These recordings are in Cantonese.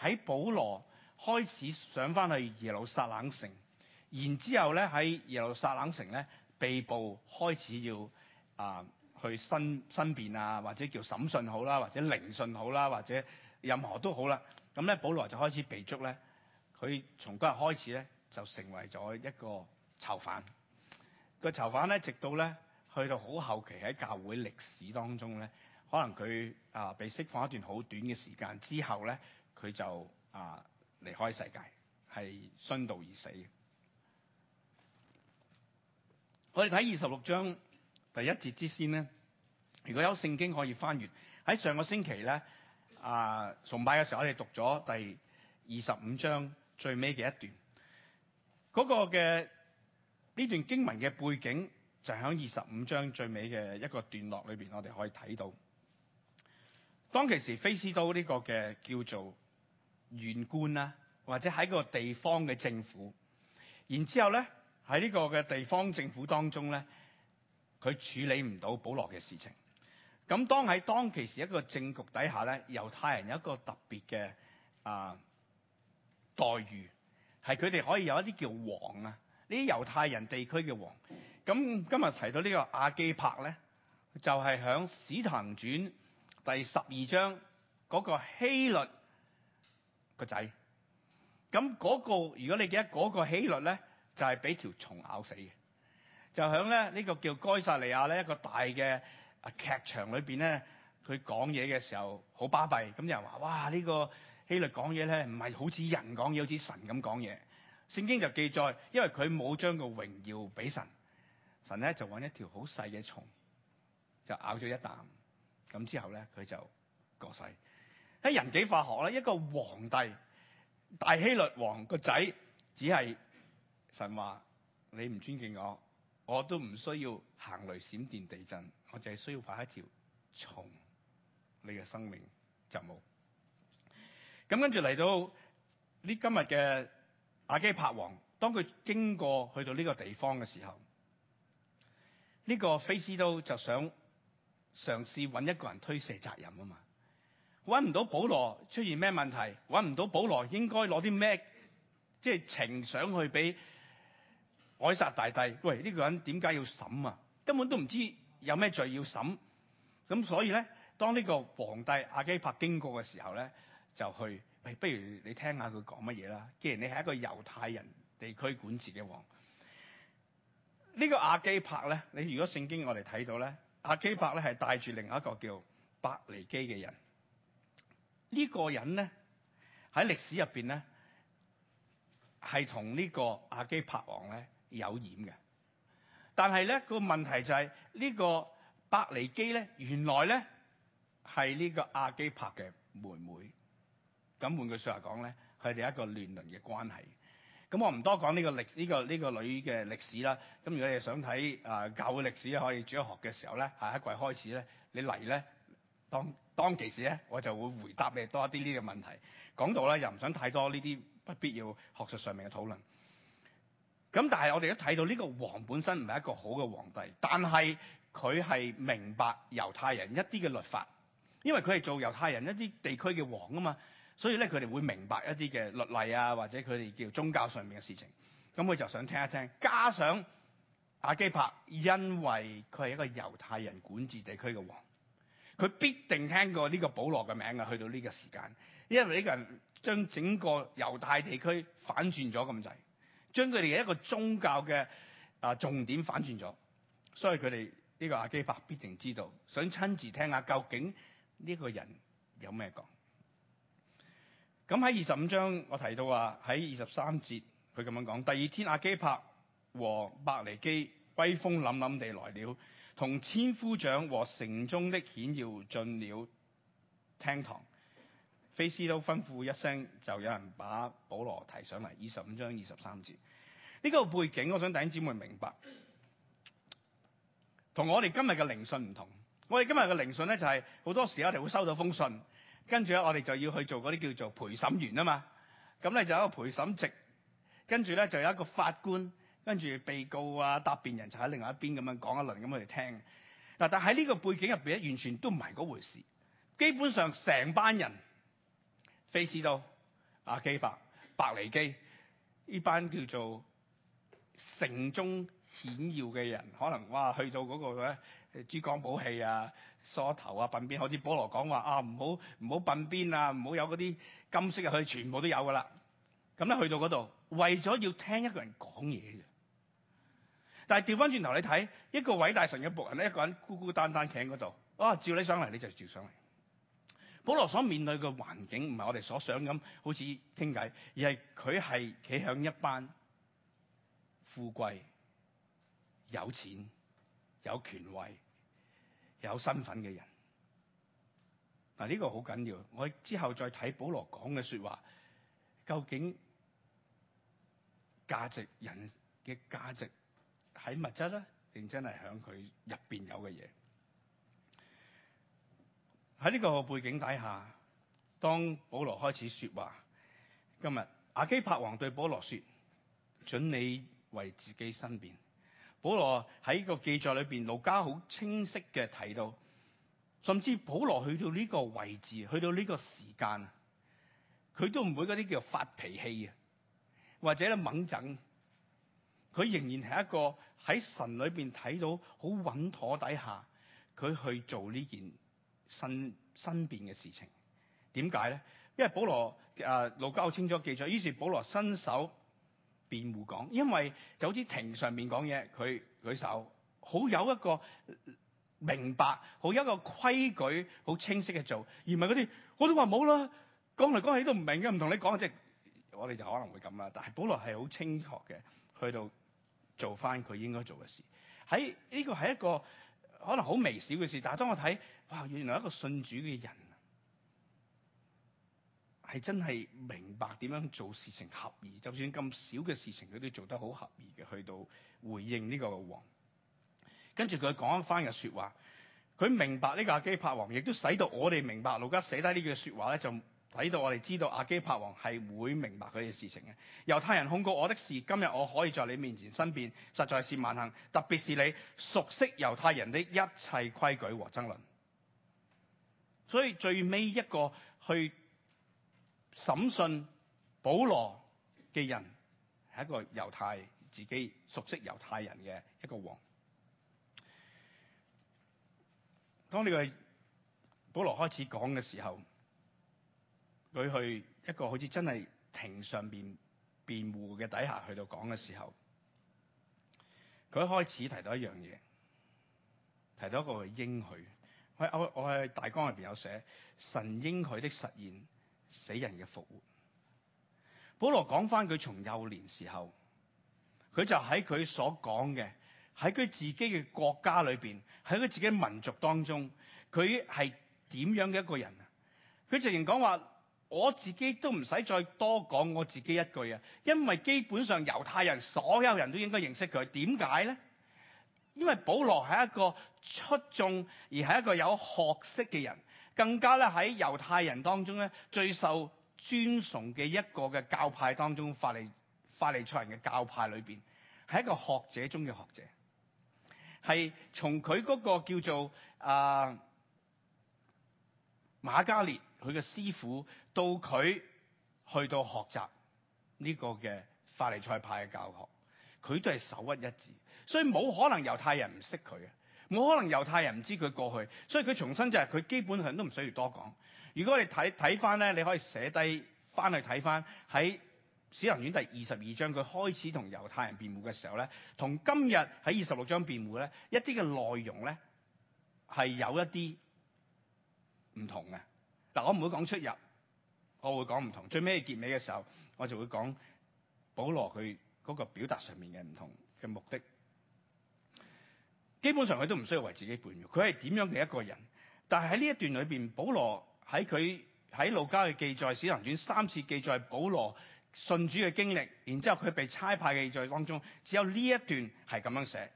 喺保羅開始上翻去耶路撒冷城，然之後咧喺耶路撒冷城咧被捕，開始要啊去申申辯啊，或者叫審訊好啦，或者聆訊好啦，或者任何都好啦。咁咧，保羅就開始被捉咧。佢從嗰日開始咧，就成為咗一個囚犯。個囚犯咧，直到咧去到好後期喺教會歷史當中咧，可能佢啊被釋放一段好短嘅時間之後咧。佢就啊離開世界，係殉道而死。我哋睇二十六章第一節之先咧，如果有聖經可以翻閱，喺上個星期咧啊崇拜嘅時候，我哋讀咗第二十五章最尾嘅一段，嗰個嘅呢段經文嘅背景就響二十五章最尾嘅一個段落裏邊，我哋可以睇到。當其時非斯都呢個嘅叫做。縣官啊，或者喺個地方嘅政府，然之後咧喺呢個嘅地方政府當中咧，佢處理唔到保羅嘅事情。咁當喺當其時一個政局底下咧，猶太人有一個特別嘅啊待遇，係佢哋可以有一啲叫王啊，呢啲猶太人地區嘅王。咁今日提到呢個亞基帕咧，就係響《使徒行傳》第十二章嗰個希律個仔，咁嗰個，如果你記得嗰個希律咧，就係俾條蟲咬死嘅，就響咧呢個叫該撒利亞咧一個大嘅啊劇場裏邊咧，佢講嘢嘅時候好巴閉，咁有人話哇呢個希律講嘢咧唔係好似人講嘢，好似神咁講嘢。聖經就記載，因為佢冇將個榮耀俾神，神咧就搵一條好細嘅蟲，就咬咗一啖，咁之後咧佢就過世。喺人幾化學咧，一個皇帝大希律王個仔，只係神話你唔尊敬我，我都唔需要行雷閃電地震，我就係需要發一條蟲，你嘅生命就冇。咁跟住嚟到呢今日嘅亞基帕王，當佢經過去到呢個地方嘅時候，呢個菲斯都就想嘗試揾一個人推卸責任啊嘛。揾唔到保羅出現咩問題，揾唔到保羅應該攞啲咩即係呈上去俾凱撒大帝。喂，呢個人點解要審啊？根本都唔知有咩罪要審。咁所以咧，當呢個皇帝亞基帕經過嘅時候咧，就去喂，不如你聽下佢講乜嘢啦。既然你係一個猶太人地區管治嘅王，呢個亞基帕咧，你如果聖經我哋睇到咧，亞基帕咧係帶住另一個叫百尼基嘅人。呢個人咧喺歷史入邊咧係同呢個亞基帕王咧有染嘅，但係咧個問題就係、是、呢、這個伯尼基咧原來咧係呢是這個亞基帕嘅妹妹，咁換句説話講咧，佢哋係一個亂倫嘅關係。咁、嗯、我唔多講呢個歷呢、這個呢、這個女嘅歷史啦。咁如果你想睇啊舊嘅歷史可以主要學嘅時候咧，下一季開始咧你嚟咧。當當其時咧，我就會回答你多一啲呢個問題。講到啦，又唔想太多呢啲不必要學術上面嘅討論。咁但係我哋都睇到呢個王本身唔係一個好嘅皇帝，但係佢係明白猶太人一啲嘅律法，因為佢係做猶太人一啲地區嘅王啊嘛，所以咧佢哋會明白一啲嘅律例啊，或者佢哋叫宗教上面嘅事情。咁佢就想聽一聽，加上亞基帕，因為佢係一個猶太人管治地區嘅王。佢必定聽過呢個保羅嘅名啊，去到呢個時間，因為呢個人將整個猶太地區反轉咗咁滯，將佢哋一個宗教嘅啊重點反轉咗，所以佢哋呢個亞基帕必定知道，想親自聽下究竟呢個人有咩講。咁喺二十五章我提到話喺二十三節，佢咁樣講：第二天亞基帕和百尼基威風凜凜地來了。同千夫長和城中的顯要進了廳堂，菲斯都吩咐一聲，就有人把保羅提上嚟。二十五章二十三節，呢、這個背景我想弟兄姊妹明白，同我哋今日嘅聆訊唔同。我哋今日嘅聆訊咧就係、是、好多時候我哋會收到封信，跟住咧我哋就要去做嗰啲叫做陪審員啊嘛，咁咧就有一個陪審席，跟住咧就有一個法官。跟住被告啊、答辯人就喺另外一邊咁樣講一輪，咁我哋聽。嗱，但係呢個背景入邊咧，完全都唔係嗰回事。基本上成班人，菲斯都，阿、啊、基伯、白尼基呢班叫做城中顯耀嘅人，可能哇去到嗰、那個珠光寶氣啊、梳頭啊、鬢邊，好似保羅講話啊，唔好唔好鬢邊啊，唔好有嗰啲金色啊，佢全部都有㗎啦。咁咧去到嗰度，為咗要聽一個人講嘢啫。但係調翻轉頭你睇一個偉大神嘅僕人咧，一個人孤孤單單企喺嗰度，啊，照你上嚟你就照上嚟。保羅所面對嘅環境唔係我哋所想咁，好似傾偈，而係佢係企向一班富貴、有錢、有權位、有身份嘅人。嗱、啊、呢、這個好緊要，我之後再睇保羅講嘅說話，究竟價值人嘅價值。喺物質咧，定真係喺佢入邊有嘅嘢。喺呢個背景底下，當保羅開始説話，今日亞基帕王對保羅説：准你為自己申辯。保羅喺個記載裏邊，路加好清晰嘅睇到，甚至保羅去到呢個位置，去到呢個時間，佢都唔會嗰啲叫發脾氣啊，或者咧猛整，佢仍然係一個。喺神裏邊睇到好穩妥底下，佢去做呢件申、申辯嘅事情。點解咧？因為保羅啊，路加清楚記載，於是保羅伸手辯護講，因為就好似庭上面講嘢，佢舉手好有一個明白，好有一個規矩，好清晰嘅做，而唔係嗰啲我都話冇啦，講嚟講去都唔明嘅，唔同你講，即係我哋就可能會咁啦。但係保羅係好清楚嘅，去到。做翻佢應該做嘅事，喺呢個係一個可能好微小嘅事，但係當我睇哇，原來一個信主嘅人係真係明白點樣做事情合宜。就算咁少嘅事情，佢都做得好合宜嘅，去到回應呢個王。跟住佢講一番嘅說話，佢明白呢個亞基帕王，亦都使到我哋明白。路加寫低呢句說話咧，就。睇到我哋知道亞基帕王係會明白佢嘅事情嘅。猶太人控告我的事，今日我可以在你面前申辯，實在是萬幸。特別是你熟悉猶太人的一切規矩和爭論。所以最尾一個去審訊保羅嘅人係一個猶太，自己熟悉猶太人嘅一個王。當呢個保羅開始講嘅時候，佢去一個好似真係庭上邊辯護嘅底下去到講嘅時候，佢一開始提到一樣嘢，提到一個應許。我我我喺大綱入邊有寫神應許的實現，死人嘅復活。保羅講翻佢從幼年時候，佢就喺佢所講嘅喺佢自己嘅國家裏邊，喺佢自己民族當中，佢係點樣嘅一個人啊？佢直言講話。我自己都唔使再多講我自己一句啊，因為基本上猶太人所有人都應該認識佢，點解呢？因為保羅係一個出眾而係一個有學識嘅人，更加咧喺猶太人當中咧最受尊崇嘅一個嘅教派當中，法利法利賽人嘅教派裏面，係一個學者中嘅學者，係從佢嗰個叫做啊。呃迦瑪列佢嘅師傅到佢去到學習呢個嘅法利賽派嘅教學，佢都係首屈一指，所以冇可能猶太人唔識佢啊！冇可能猶太人唔知佢過去，所以佢重新就係、是、佢基本上都唔需要多講。如果你睇睇翻咧，你可以寫低翻去睇翻喺《使行傳》第二十二章，佢開始同猶太人辯護嘅時候咧，同今日喺二十六章辯護咧，一啲嘅內容咧係有一啲。唔同嘅嗱，我唔會講出入，我會講唔同。最尾結尾嘅時候，我就會講保羅佢嗰個表達上面嘅唔同嘅目的。基本上佢都唔需要為自己辯護，佢係點樣嘅一個人？但係喺呢一段裏邊，保羅喺佢喺路加嘅記載《使徒行傳》三次記載保羅信主嘅經歷，然之後佢被差派嘅記載當中，只有呢一段係咁樣寫：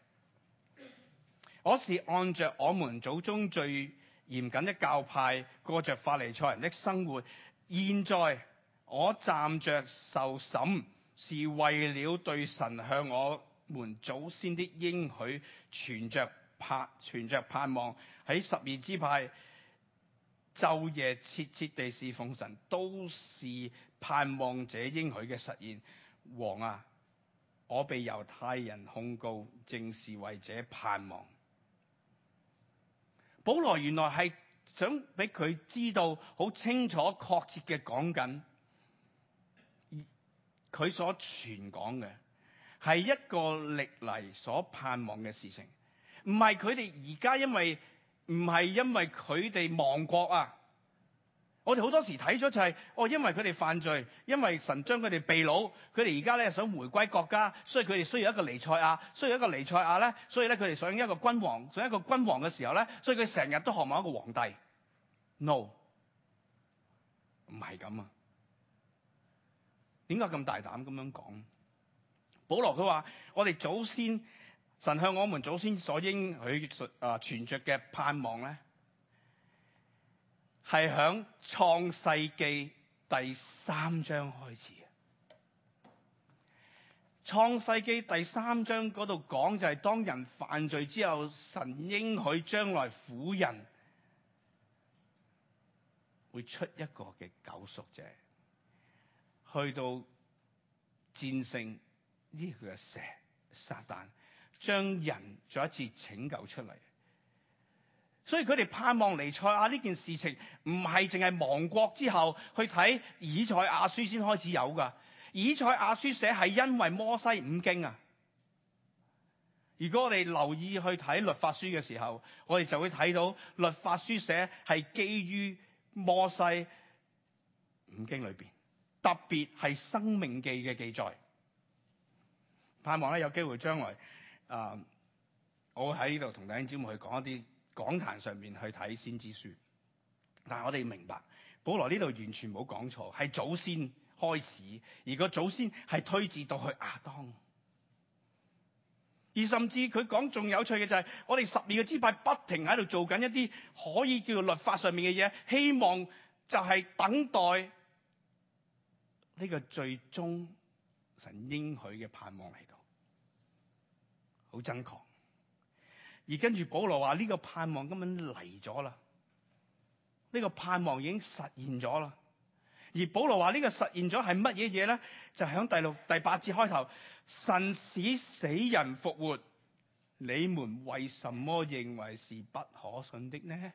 我是按着我們祖宗最嚴謹的教派過著法利賽人的生活。現在我站着受審，是為了對神向我們祖先的應許存著盼存著盼望。喺十二支派，晝夜切切地侍奉神，都是盼望這應許嘅實現。王啊，我被猶太人控告，正是為這盼望。保羅原來係想俾佢知道，好清楚確切嘅講緊，佢所傳講嘅係一個歷嚟所盼望嘅事情，唔係佢哋而家因為唔係因為佢哋亡國啊。我哋好多時睇咗就係、是、哦，因為佢哋犯罪，因為神將佢哋被擄，佢哋而家咧想回歸國家，所以佢哋需要一個彌賽亞，需要一個彌賽亞咧，所以咧佢哋想一個君王，想一個君王嘅時候咧，所以佢成日都渴望一個皇帝。No，唔係咁啊！點解咁大膽咁樣講？保羅佢話：我哋祖先，神向我們祖先所應許啊存着嘅盼望咧。係喺《創世記》第三章開始，《創世記》第三章嗰度講就係當人犯罪之後，神應許將來婦人會出一個嘅救贖者，去到戰勝呢個嘅蛇撒旦，將人再一次拯救出嚟。所以佢哋盼望彌賽亞呢件事情唔係淨係亡國之後去睇以賽亞書先開始有噶，以賽亞書寫係因為摩西五經啊。如果我哋留意去睇律法書嘅時候，我哋就會睇到律法書寫係基於摩西五經裏邊，特別係申命記，嘅記載。盼望咧有機會將來，啊，我喺呢度同弟兄姊妹去講一啲。講壇上面去睇先知書，但係我哋要明白，保羅呢度完全冇講錯，係祖先開始，而個祖先係推至到去亞當，而甚至佢講仲有趣嘅就係、是，我哋十二個支派不停喺度做緊一啲可以叫做律法上面嘅嘢，希望就係等待呢個最終神應許嘅盼望嚟到，好真確。而跟住保羅話呢個盼望根本嚟咗啦，呢個盼望已經實現咗啦。而保羅話呢個實現咗係乜嘢嘢咧？就喺第六第八節開頭，神使死人復活，你們為什麼認為是不可信的呢？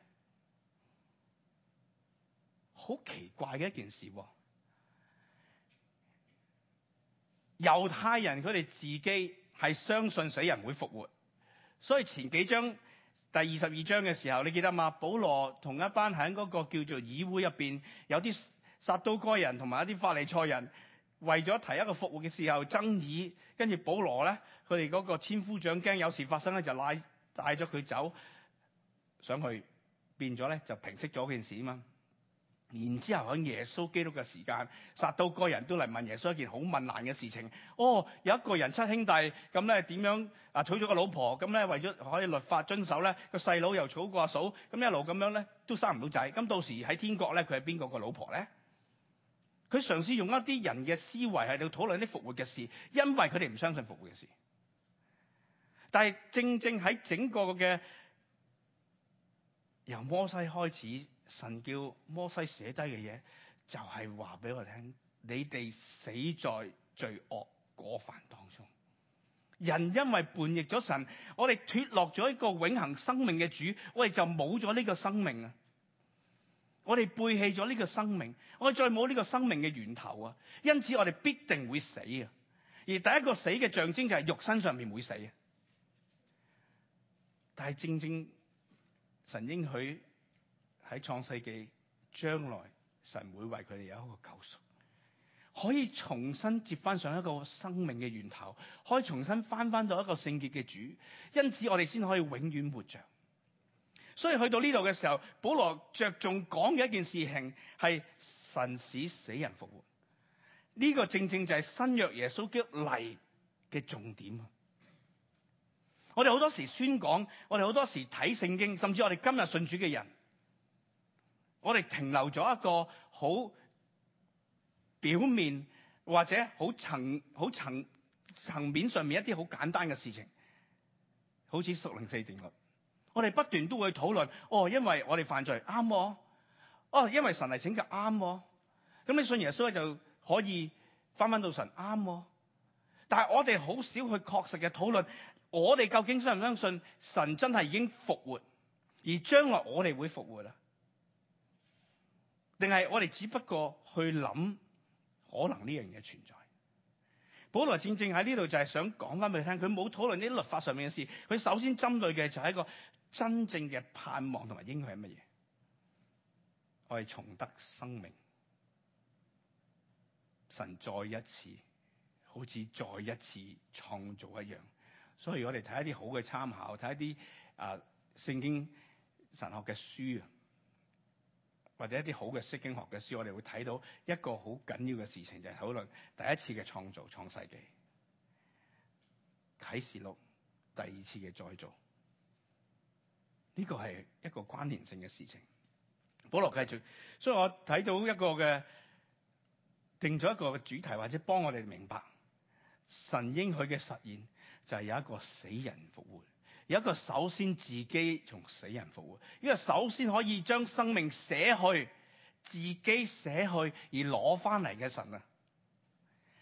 好奇怪嘅一件事，猶太人佢哋自己係相信死人會復活。所以前幾章第二十二章嘅時候，你記得嘛？保羅同一班喺嗰個叫做議會入邊，有啲撒都該人同埋一啲法利賽人，為咗提一個復活嘅時候爭議，跟住保羅咧，佢哋嗰個千夫長驚有事發生咧，就拉帶咗佢走，上去變咗咧就平息咗件事嘛。然之後喺耶穌基督嘅時間，撒都該人都嚟問耶穌一件好困難嘅事情。哦，有一個人七兄弟，咁咧點樣啊娶咗個老婆，咁咧為咗可以律法遵守咧，個細佬又娶過阿嫂，咁一路咁樣咧都生唔到仔。咁到時喺天國咧，佢係邊個個老婆咧？佢嘗試用一啲人嘅思維喺度討論啲復活嘅事，因為佢哋唔相信復活嘅事。但係正正喺整個嘅由摩西開始。神叫摩西寫低嘅嘢，就係話俾我聽：你哋死在罪惡過犯當中。人因為叛逆咗神，我哋脱落咗一個永恒生命嘅主，我哋就冇咗呢個生命啊！我哋背棄咗呢個生命，我哋再冇呢個生命嘅源頭啊！因此我哋必定會死啊！而第一個死嘅象徵就係肉身上面會死啊！但係正正神應許。喺創世紀將來，神會為佢哋有一個救贖，可以重新接翻上一個生命嘅源頭，可以重新翻翻到一個聖潔嘅主，因此我哋先可以永遠活着。所以去到呢度嘅時候，保羅着重講嘅一件事情係神使死人復活，呢個正正就係新約耶穌基督嚟嘅重點啊！我哋好多時宣講，我哋好多時睇聖經，甚至我哋今日信主嘅人。我哋停留咗一個好表面或者好層好層層面上面一啲好簡單嘅事情，好似屬靈四段咯。我哋不斷都會討論，哦，因為我哋犯罪，啱喎、啊；哦，因為神嚟拯救，啱喎、啊。咁你信耶穌就可以返返到神，啱喎、啊。但係我哋好少去確實嘅討論，我哋究竟相唔相信神真係已經復活，而將來我哋會復活啦。定係我哋只不過去諗，可能呢樣嘢存在。保羅正正喺呢度就係想講翻俾你聽，佢冇討論呢啲律法上面嘅事，佢首先針對嘅就係一個真正嘅盼望同埋應該係乜嘢？我哋重得生命，神再一次好似再一次創造一樣。所以我哋睇一啲好嘅參考，睇一啲聖、呃、聖經神學嘅書啊。或者一啲好嘅釋經學嘅書，我哋會睇到一個好緊要嘅事情，就係討論第一次嘅創造創世紀，啟示錄第二次嘅再造，呢個係一個關聯性嘅事情。保羅繼續，所以我睇到一個嘅定咗一個主題，或者幫我哋明白神應許嘅實現就係有一個死人復活。有一個首先自己從死人復活，因為首先可以將生命捨去，自己捨去而攞翻嚟嘅神啊，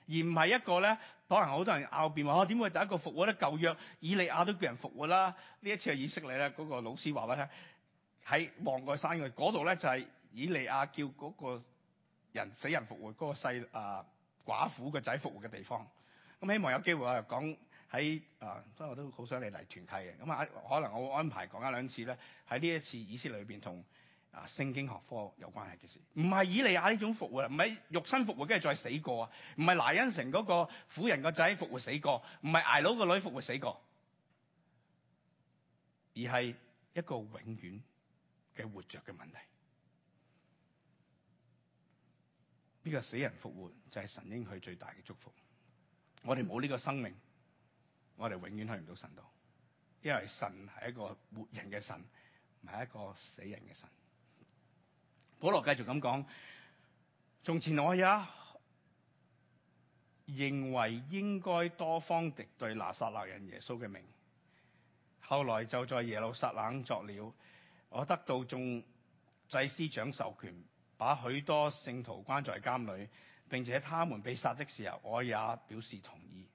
而唔係一個咧，可能好多人拗辯話，點、哦、會第一個復活得舊約以利亞都叫人復活啦，呢一次係以色列咧，嗰個老師話俾你聽，喺望過山嗰度，嗰度咧就係以利亞叫嗰個人死人復活，嗰、那個細啊寡婦個仔復活嘅地方。咁希望有機會啊講。喺啊，所以我都好想你嚟團契嘅。咁啊，可能我會安排講一兩次咧。喺呢一次意思裏邊，同啊聖經學科有關係嘅事，唔係以利亞呢種復活，唔係肉身復活，跟住再死過啊，唔係拿因城嗰個婦人個仔復活死過，唔係睚魯個女復活死過，而係一個永遠嘅活着嘅問題。呢、這個死人復活就係、是、神應許最大嘅祝福。我哋冇呢個生命。我哋永遠去唔到神度，因為神係一個活人嘅神，唔係一個死人嘅神。保羅繼續咁講：從前我也認為應該多方敵對拿撒勒人耶穌嘅名。後來就在耶路撒冷作了，我得到眾祭司長授權，把許多聖徒關在監裏，並且他們被殺的時候，我也表示同意。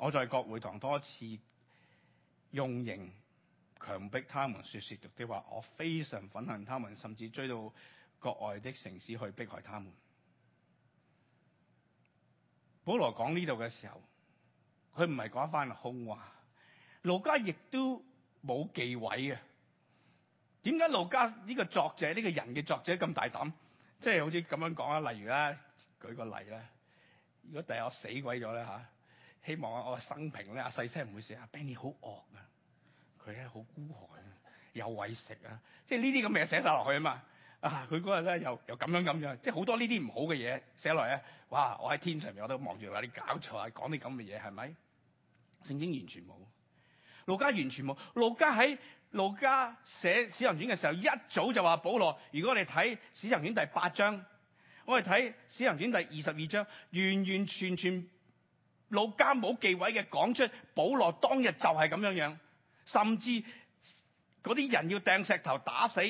我在國會堂多次用刑強迫他們說褻瀆的話，我非常憤恨他們，甚至追到國外的城市去逼害他們。保羅講呢度嘅時候，佢唔係講一番空話。路加亦都冇忌諱啊。點解路加呢個作者呢個人嘅作者咁大膽？即係好似咁樣講啊，例如咧，舉個例咧，如果第日我死鬼咗咧吓。希望細細啊！我生平咧，阿細聲唔會寫阿 Benny 好惡啊，佢咧好孤寒啊，有胃食啊，即係呢啲咁嘅嘢寫晒落去啊嘛！啊，佢嗰日咧又又咁樣咁樣，即係好多呢啲唔好嘅嘢寫落嚟啊！哇！我喺天上面我都望住話你搞錯啊，講啲咁嘅嘢係咪？聖經完全冇，路加完全冇，路加喺路加寫使行傳嘅時候一早就話保羅，如果我哋睇使行傳第八章，我哋睇使行傳第二十二章，完完全全。老家冇忌諱噉講出保羅當日就係咁樣樣，甚至嗰啲人要掟石頭打死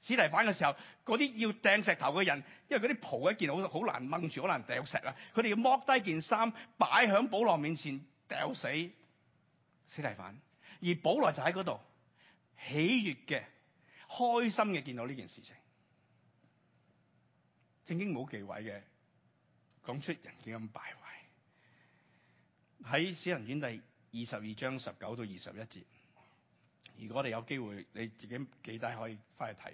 司提反嘅時候，嗰啲要掟石頭嘅人，因為嗰啲袍一件好好難掹住，好難掟石啊，佢哋要剝低件衫擺喺保羅面前掟死司提反，而保羅就喺嗰度喜悦嘅，開心嘅見到呢件事情。聖經冇忌諱噉講出人幾咁敗壞。喺使行傳第二十二章十九到二十一節，如果我哋有機會，你自己記低，可以翻去睇。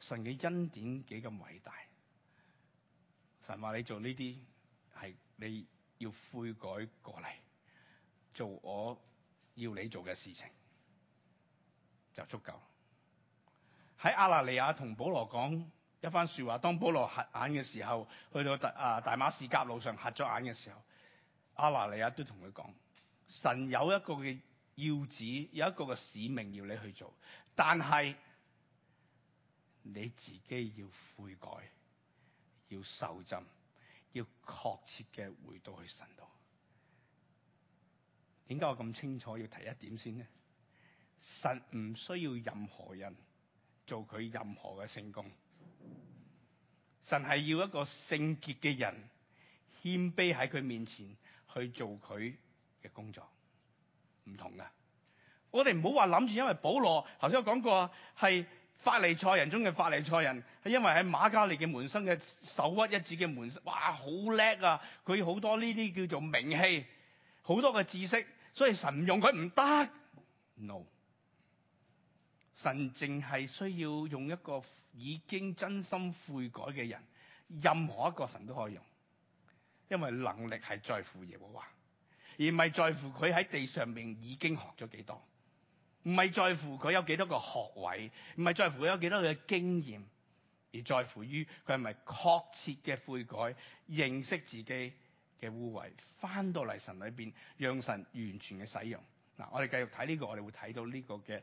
神嘅恩典幾咁偉大，神話你做呢啲係你要悔改過嚟，做我要你做嘅事情就足夠。喺亞拿尼亞同保羅講一番說話，當保羅瞎眼嘅時候，去到啊大馬士革路上瞎咗眼嘅時候。阿拿尼亞都同佢講，神有一個嘅要旨，有一個嘅使命要你去做，但係你自己要悔改，要受浸，要確切嘅回到去神度。點解我咁清楚？要提一點先，神唔需要任何人做佢任何嘅聖工。神係要一個聖潔嘅人謙卑喺佢面前。去做佢嘅工作，唔同啊。我哋唔好話諗住，因為保羅頭先我講過，係法利賽人中嘅法利賽人，係因為喺馬加利嘅門生嘅手屈一指嘅門生，哇，好叻啊！佢好多呢啲叫做名氣，好多嘅知識，所以神唔用佢唔得。No，神淨係需要用一個已經真心悔改嘅人，任何一個神都可以用。因為能力係在乎耶和華，而唔係在乎佢喺地上面已經學咗幾多，唔係在乎佢有幾多個學位，唔係在乎佢有幾多嘅經驗，而在乎於佢係咪確切嘅悔改，認識自己嘅污穢，翻到嚟神裏邊，讓神完全嘅使用。嗱，我哋繼續睇呢個，我哋會睇到呢個嘅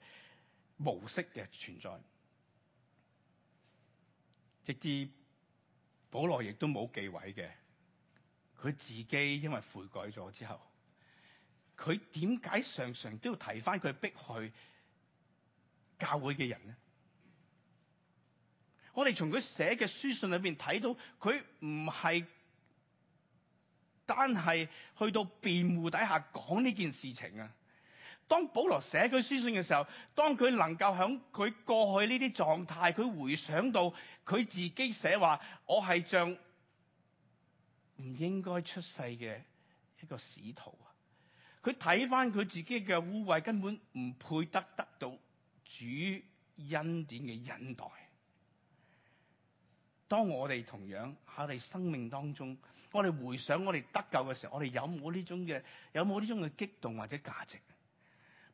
模式嘅存在，直至保羅亦都冇記位嘅。佢自己因為悔改咗之後，佢點解常常都要提返佢逼去教會嘅人咧？我哋從佢寫嘅書信裏邊睇到，佢唔係單係去到辯護底下講呢件事情啊！當保羅寫佢書信嘅時候，當佢能夠響佢過去呢啲狀態，佢回想到佢自己寫話：我係像唔應該出世嘅一個使徒啊！佢睇翻佢自己嘅污穢，根本唔配得得到主恩典嘅恩待。當我哋同樣喺我哋生命當中，我哋回想我哋得救嘅時候，我哋有冇呢種嘅？有冇呢種嘅激動或者價值？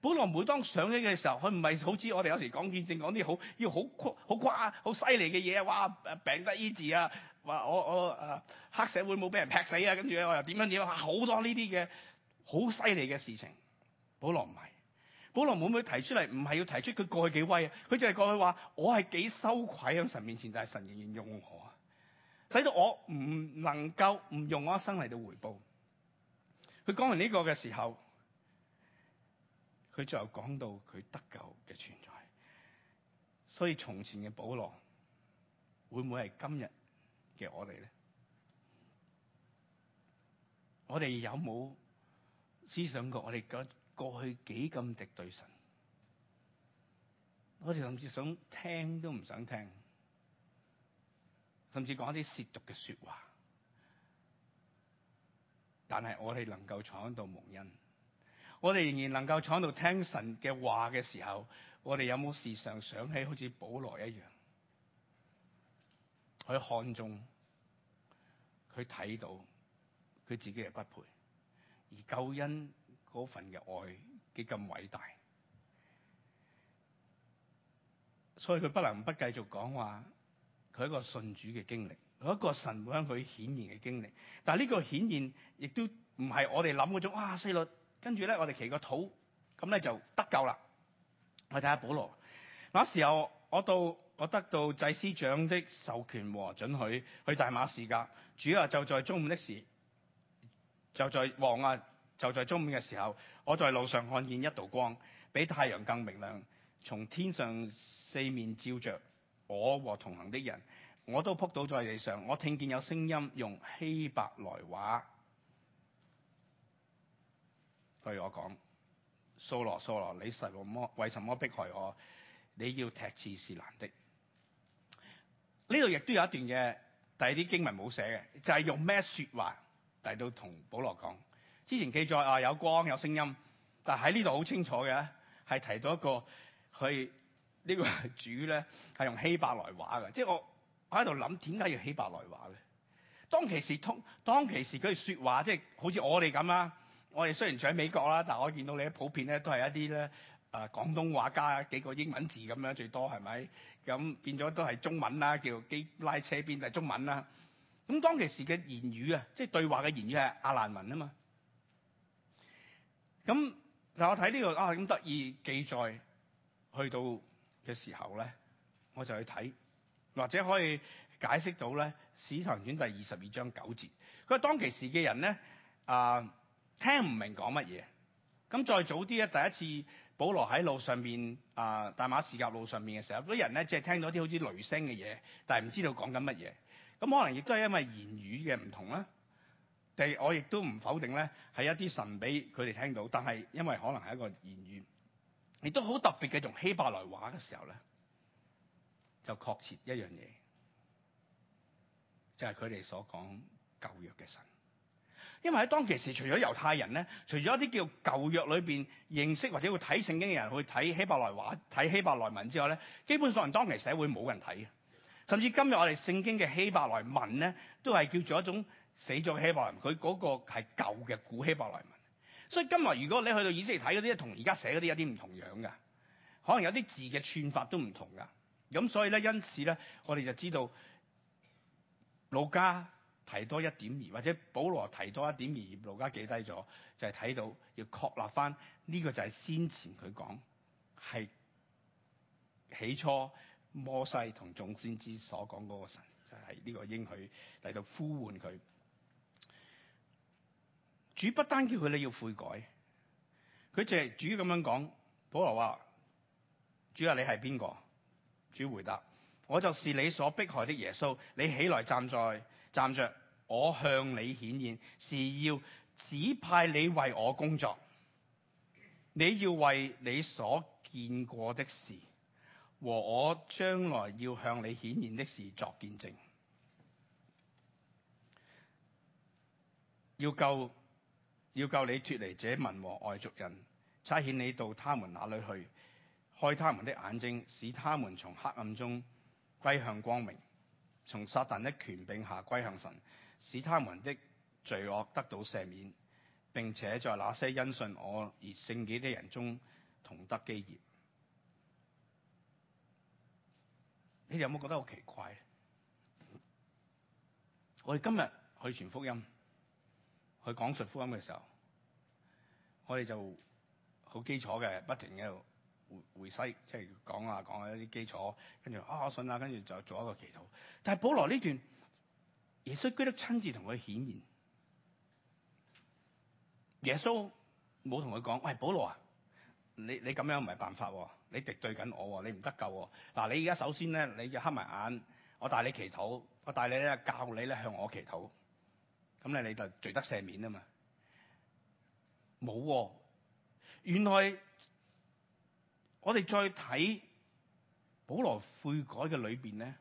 本來每當想起嘅時候，佢唔係好似我哋有時講見證，講啲好要好誇好誇好犀利嘅嘢啊！哇！病得醫治啊！話我我誒黑社會冇俾人劈死啊，跟住咧我又點樣點樣好多呢啲嘅好犀利嘅事情。保羅唔係，保羅會唔會提出嚟？唔係要提出佢過去幾威啊，佢就係過去話我係幾羞愧喺神面前，但係神仍然用我，使到我唔能夠唔用我一生嚟到回報。佢講完呢個嘅時候，佢最後講到佢得救嘅存在。所以從前嘅保羅會唔會係今日？嘅我哋咧，我哋有冇思想過我哋過過去幾咁敵對神？我哋甚至想聽都唔想聽，甚至講一啲褻瀆嘅說話。但係我哋能夠闖到蒙恩，我哋仍然能夠闖到聽神嘅話嘅時候，我哋有冇時常想起好似保羅一樣？佢看中，佢睇到，佢自己又不配，而救恩嗰份嘅愛幾咁偉大，所以佢不能不繼續講話佢一個信主嘅經歷，佢一個神會向佢顯現嘅經歷。但係呢個顯現亦都唔係我哋諗嗰種，哇！細路跟住咧，我哋祈個禱咁咧就得救啦。我睇下保羅，那時候我到。我得到祭司長的授權和准許去大馬士革，主要就在中午的時，就在王啊，就在中午嘅時候，我在路上看見一道光，比太陽更明亮，從天上四面照着我和同行的人，我都仆倒在地上。我聽見有聲音用希伯來話對我講，掃羅掃羅，你什麼，為什麼迫害我？你要踢刺是難的。呢度亦都有一段嘅，但係啲經文冇寫嘅，就係、是、用咩説話嚟到同保羅講。之前記載話、啊、有光有聲音，但喺呢度好清楚嘅，係提到一個佢呢、這個主咧係用希伯來話嘅。即係我我喺度諗，點解要希伯來話咧？當其時通，當其時佢啲説話，即、就、係、是、好似我哋咁啦。我哋雖然住喺美國啦，但係我見到你普遍咧都係一啲咧。啊！廣東話加幾個英文字咁樣最多係咪？咁、啊、變咗都係中文啦，叫基拉車邊就係中文啦、啊。咁當其時嘅言語啊，即係對話嘅言語係阿蘭文啊嘛。咁嗱，我睇呢、這個啊咁得意記載，去到嘅時候咧，我就去睇，或者可以解釋到咧《使徒行傳》第二十二章九節。佢話當其時嘅人咧啊，聽唔明講乜嘢。咁再早啲咧，第一次。保羅喺路上面啊、呃，大馬士革路上面嘅時候，啲人咧只係聽到啲好似雷聲嘅嘢，但係唔知道講緊乜嘢。咁可能亦都係因為言語嘅唔同啦。即係我亦都唔否定咧，係一啲神俾佢哋聽到，但係因為可能係一個言語，亦都好特別嘅用希伯來話嘅時候咧，就確切一樣嘢，就係佢哋所講舊約嘅神。因為喺當其時，除咗猶太人咧，除咗一啲叫舊約裏邊認識或者會睇聖經嘅人去睇希伯來話、睇希伯來文之外，咧，基本上當其社會冇人睇嘅，甚至今日我哋聖經嘅希伯來文咧，都係叫做一種死咗嘅希伯來文，佢嗰個係舊嘅古希伯來文。所以今日如果你去到以色列睇嗰啲，同而家寫嗰啲有啲唔同樣嘅，可能有啲字嘅串法都唔同嘅。咁所以咧，因此咧，我哋就知道路加。提多一點二，或者保羅提多一點二。路加記低咗就係、是、睇到要確立翻呢、這個就係先前佢講係起初摩西同眾先知所講嗰個神就係、是、呢個應許嚟到呼喚佢主不單叫佢你要悔改，佢就係主咁樣講。保羅話：主啊，你係邊個？主回答：我就是你所迫害的耶穌。你起來站在。站着，我向你顯現，是要指派你為我工作。你要為你所見過的事和我將來要向你顯現的事作見證。要救要救你脫離這民和外族人，差遣你到他們那裏去，開他們的眼睛，使他們從黑暗中歸向光明。從撒但的權柄下歸向神，使他們的罪惡得到赦免，並且在那些因信我而成聖的人中同得基業。你哋有冇覺得好奇怪？我哋今日去傳福音，去講述福音嘅時候，我哋就好基礎嘅，不停喺度。回回西，即係講啊講下，一啲基礎，跟住啊我信啦，跟住就做一個祈禱。但係保羅呢段，耶穌基督親自同佢顯現。耶穌冇同佢講，喂，保羅啊，你你咁樣唔係辦法，你敵對緊我，你唔得救。嗱，你而家首先咧，你就黑埋眼，我帶你祈禱，我帶你咧教你咧向我祈禱。咁咧你就罪得赦免啊嘛。冇，原來。我哋再睇保羅悔改嘅裏面咧，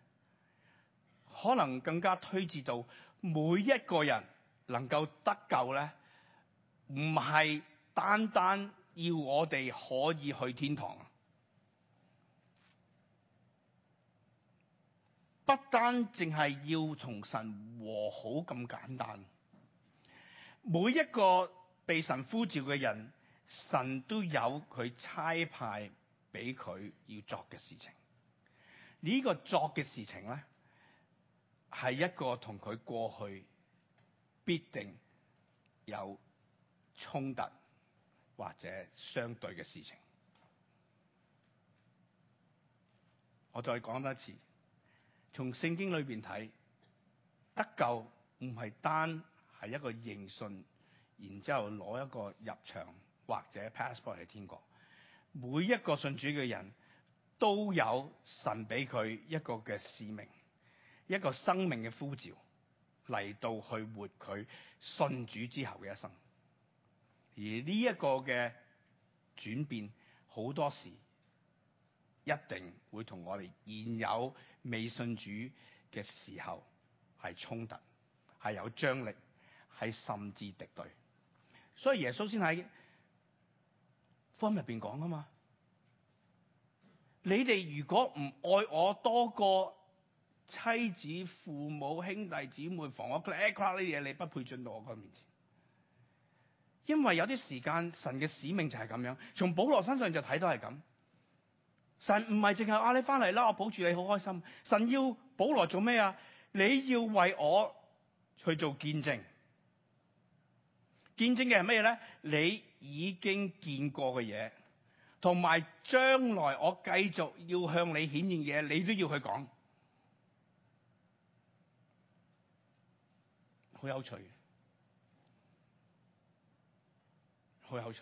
可能更加推至到每一個人能夠得救咧，唔係單單要我哋可以去天堂，不單淨係要同神和好咁簡單。每一個被神呼召嘅人，神都有佢差派。俾佢要作嘅事情，呢、這個作嘅事情咧，係一個同佢過去必定有衝突或者相對嘅事情。我再講多一次，從聖經裏邊睇，得救唔係單係一個認信，然之後攞一個入場或者 passport 喺天國。每一個信主嘅人都有神俾佢一個嘅使命，一個生命嘅呼召嚟,到去活佢信主之後嘅一生。而呢一個嘅轉變，好多時一定會同我哋現有未信主嘅時候係衝突，係有張力，係甚至敵對。所以耶穌先係。心入邊講啊嘛，你哋如果唔愛我多過妻子、父母、兄弟、姊妹、房屋、垮垮呢啲嘢，你不配進到我個面前。因為有啲時間，神嘅使命就係咁樣，從保羅身上就睇到係咁。神唔係淨係啊，你翻嚟啦，我保住你好開心。神要保羅做咩啊？你要為我去做見證，見證嘅係咩嘢咧？你。已經見過嘅嘢，同埋將來我繼續要向你顯現嘢，你都要去講，好有趣，好有趣。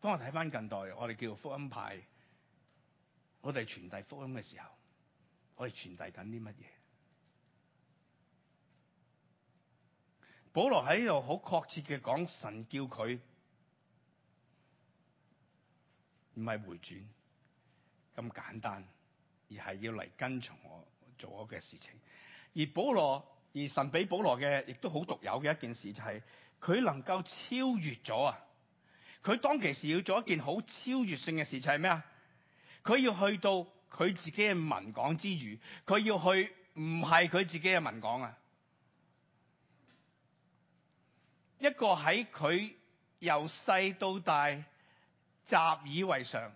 當我睇翻近代我哋叫福音派，我哋傳遞福音嘅時候，我哋傳遞緊啲乜嘢？保羅喺呢度好確切嘅講，神叫佢唔係回轉咁簡單，而係要嚟跟從我做我嘅事情。而保羅，而神俾保羅嘅亦都好獨有嘅一件事，就係、是、佢能夠超越咗啊！佢當其時要做一件好超越性嘅事，就係咩啊？佢要去到佢自己嘅文港之餘，佢要去唔係佢自己嘅文港啊！一個喺佢由細到大習以為常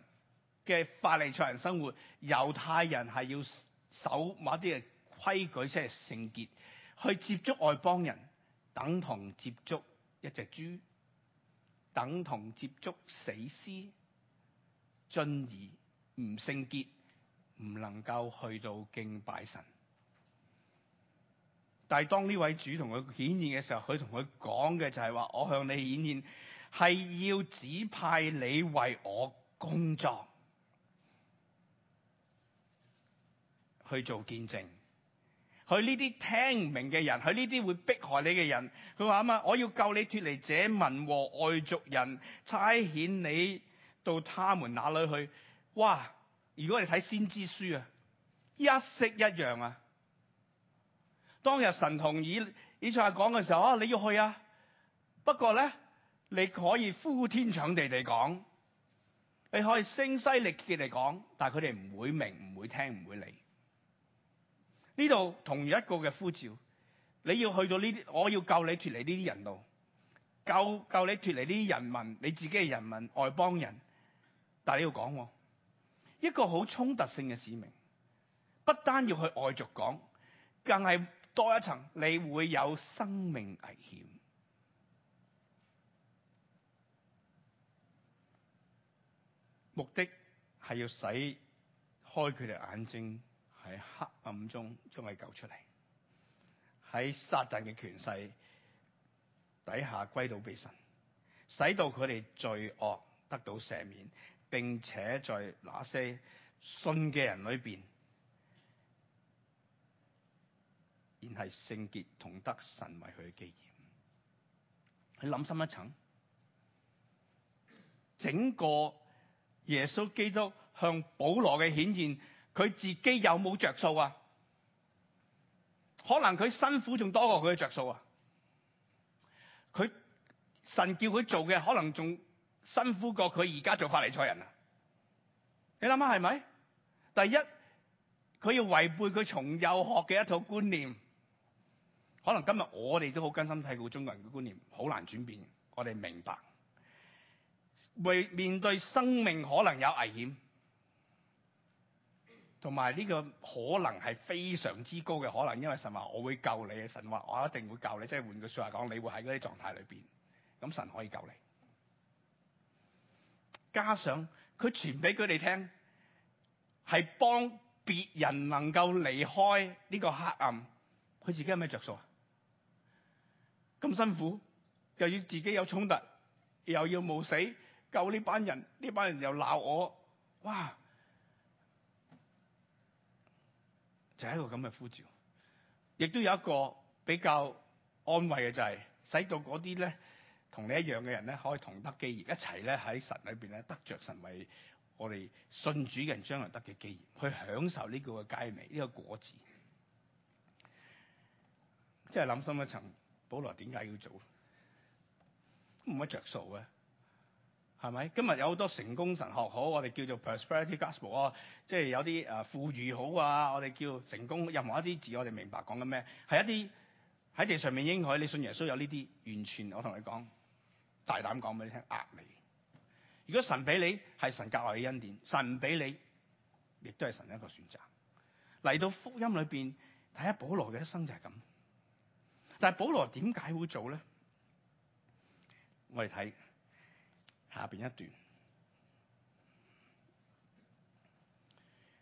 嘅法利賽人生活，猶太人係要守某啲嘅規矩先係聖潔，去接觸外邦人等同接觸一隻豬，等同接觸死屍，進而唔聖潔，唔能夠去到敬拜神。但係當呢位主同佢顯現嘅時候，佢同佢講嘅就係話：我向你顯現係要指派你為我工作，去做見證。佢呢啲聽唔明嘅人，佢呢啲會迫害你嘅人，佢話啊嘛，我要救你脫離這民和外族人，差遣你到他們那裡去。哇！如果你睇先知書啊，一式一樣啊。當日神同以以賽講嘅時候啊，你要去啊，不過咧，你可以呼，呼天搶地地講，你可以聲嘶力竭地講，但係佢哋唔會明、唔會聽、唔會理。呢度同一個嘅呼召，你要去到呢啲，我要救你脫離呢啲人道，救救你脫離呢啲人民，你自己嘅人民、外邦人，但係你要講，一個好衝突性嘅使命，不單要去外著講，更係。多一層，你會有生命危險。目的係要使開佢哋眼睛，喺黑暗中將佢救出嚟，喺撒旦嘅權勢底下歸到俾神，使到佢哋罪惡得到赦免，並且在那些信嘅人裏邊。然係聖潔同得神為佢嘅基業。你諗深一層，整個耶穌基督向保羅嘅顯現，佢自己有冇着數啊？可能佢辛苦仲多過佢嘅着數啊！佢神叫佢做嘅，可能仲辛苦過佢而家做法利賽人啊！你諗下係咪？第一，佢要違背佢從幼學嘅一套觀念。可能今日我哋都好根深蒂固，中國人嘅觀念好難轉變，我哋明白，為面對生命可能有危險。同埋呢個可能係非常之高嘅可能。因為神話，我會救你；嘅神話，我一定會救你。即係換句話說話講，你會喺嗰啲狀態裏邊，咁神可以救你。加上佢傳俾佢哋聽，係幫別人能夠離開呢個黑暗，佢自己有咩著數啊？咁辛苦，又要自己有衝突，又要冒死救呢班人，呢班人又鬧我，哇！就係、是、一個咁嘅呼召，亦都有一個比較安慰嘅就係、是，使到嗰啲咧同你一樣嘅人咧，可以同得基業，一齊咧喺神裏邊咧得着神為我哋信主嘅人將來得嘅基業，去享受呢個嘅佳美呢、這個果子。真係諗深一層。保羅點解要做？都冇乜着數嘅，係咪？今日有好多成功神學好，我哋叫做 Prosperity Gospel 啊，即係有啲富裕好啊，我哋叫成功，任何一啲字我哋明白講緊咩？係一啲喺地上面應許，你信耶穌有呢啲，完全我同你講，大膽講俾你聽，呃你。如果神俾你，係神格外嘅恩典；神唔俾你，亦都係神一個選擇。嚟到福音裏邊睇下保羅嘅一生就係咁。但保羅點解會做咧？我哋睇下邊一段。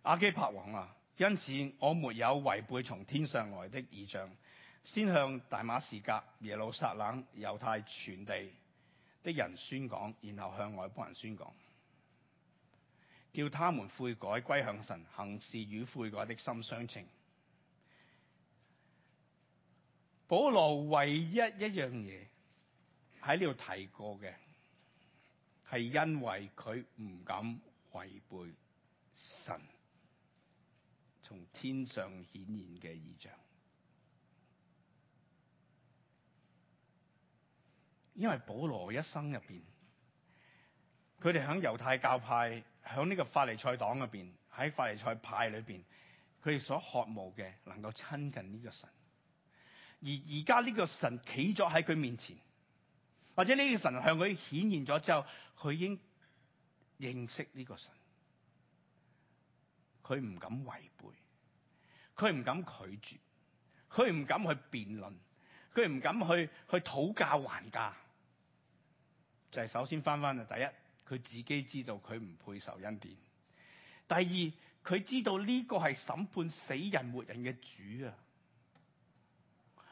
亞基帕王啊，因此我沒有違背從天上來的異象，先向大馬士革、耶路撒冷、猶太全地的人宣講，然後向外邦人宣講，叫他們悔改歸向神，行事與悔改的心相稱。保羅唯一一樣嘢喺呢度提過嘅，係因為佢唔敢違背神從天上顯現嘅異象，因為保羅一生入邊，佢哋響猶太教派，響呢個法利賽黨入邊，喺法利賽派裏邊，佢哋所渴慕嘅，能夠親近呢個神。而而家呢個神企咗喺佢面前，或者呢個神向佢顯現咗之後，佢已經認識呢個神，佢唔敢違背，佢唔敢拒絕，佢唔敢去辯論，佢唔敢去去討價還價，就係首先翻翻啊！第一，佢自己知道佢唔配受恩典；第二，佢知道呢個係審判死人活人嘅主啊！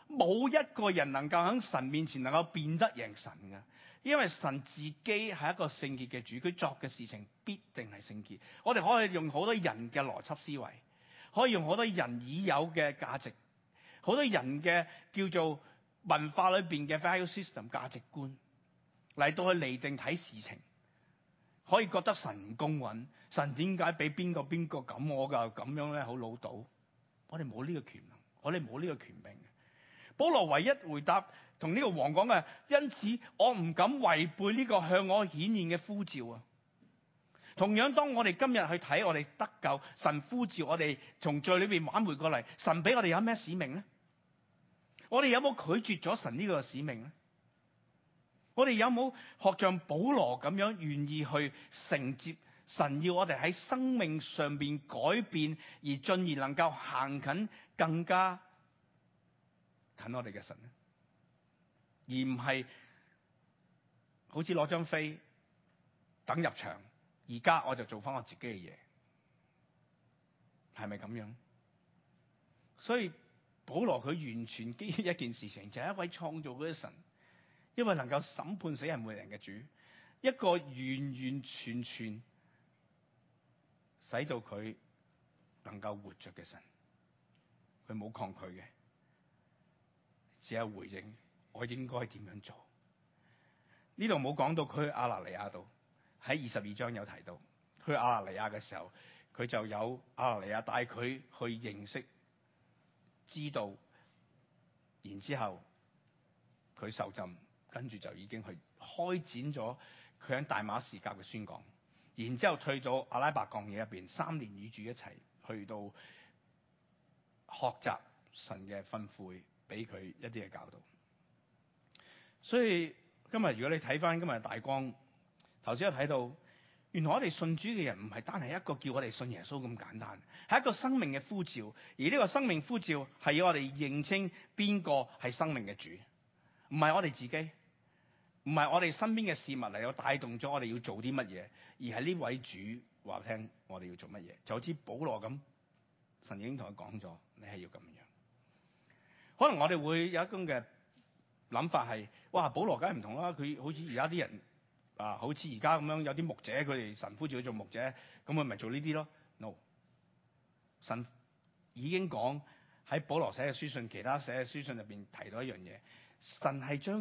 冇一個人能夠響神面前能夠變得贏神噶，因為神自己係一個聖潔嘅主，佢作嘅事情必定係聖潔。我哋可以用好多人嘅邏輯思維，可以用好多人已有嘅價值，好多人嘅叫做文化裏邊嘅 value system 價值觀嚟到去釐定睇事情，可以覺得神唔公允，神為什麼，神點解俾邊個邊個咁我噶咁樣咧？好老道，我哋冇呢個權能，我哋冇呢個權柄。保羅唯一回答同呢個王講嘅，因此我唔敢違背呢個向我顯現嘅呼召啊。同樣當我哋今日去睇我哋得救，神呼召我哋從罪裏面挽回過嚟，神俾我哋有咩使命呢？我哋有冇拒絕咗神呢個使命呢？我哋有冇學像保羅咁樣願意去承接神要我哋喺生命上邊改變，而進而能夠行近更加？我哋嘅神，而唔係好似攞張飛等入場，而家我就做翻我自己嘅嘢，係咪咁樣？所以保羅佢完全基於一件事情，就係、是、一位創造嘅神，一位能夠審判死人活人嘅主，一個完完全全使到佢能夠活着嘅神，佢冇抗拒嘅。只有回應，我應該點樣做？呢度冇講到佢亞拿尼亞度，喺二十二章有提到，佢亞拿尼亞嘅時候，佢就有亞拿尼亞帶佢去認識、知道，然之後佢受浸，跟住就已經去開展咗佢喺大馬士革嘅宣講，然之後退咗阿拉伯曠野入邊三年與主一齊去到學習神嘅吩咐。俾佢一啲嘢搞到。所以今日如果你睇翻今日大光，頭先我睇到，原來我哋信主嘅人唔係單係一個叫我哋信耶穌咁簡單，係一個生命嘅呼召，而呢個生命呼召係要我哋認清邊個係生命嘅主，唔係我哋自己，唔係我哋身邊嘅事物嚟到帶動咗我哋要做啲乜嘢，而係呢位主話聽我哋要做乜嘢，就好似保羅咁，神已經同佢講咗，你係要咁。可能我哋會有一種嘅諗法係，哇！保羅梗係唔同啦，佢好似而家啲人啊，好似而家咁樣有啲牧者，佢哋神呼召佢做牧者，咁佢咪做呢啲咯？No，神已經講喺保羅寫嘅書信，其他寫嘅書信入面提到一樣嘢，神係將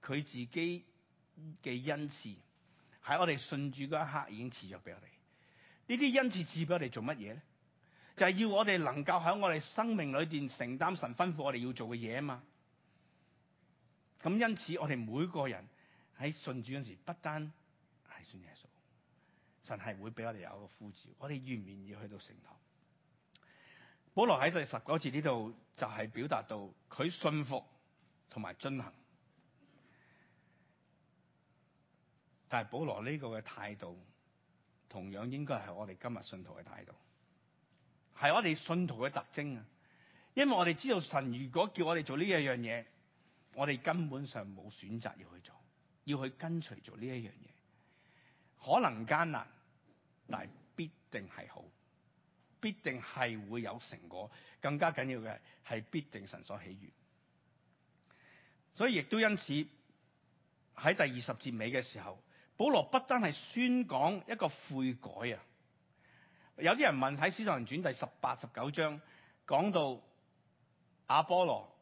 佢自己嘅恩賜喺我哋信住嗰一刻已經賜咗俾我哋。賜賜我呢啲恩賜賜俾我哋做乜嘢咧？就係要我哋能夠喺我哋生命裏邊承擔神吩咐我哋要做嘅嘢啊嘛！咁因此我哋每個人喺信主嗰陣時候，不單係信耶穌，神係會俾我哋有一個呼召，我哋願唔願意去到成堂？保羅喺第十九節呢度就係、是、表達到佢信服同埋遵行，但係保羅呢個嘅態度，同樣應該係我哋今日信徒嘅態度。係我哋信徒嘅特徵啊！因為我哋知道神如果叫我哋做呢一樣嘢，我哋根本上冇選擇要去做，要去跟隨做呢一樣嘢。可能艱難，但係必定係好，必定係會有成果。更加緊要嘅係必定神所喜悅。所以亦都因此喺第二十節尾嘅時候，保羅不單係宣講一個悔改啊！有啲人問喺《使徒行傳》第十八、十九章講到阿波羅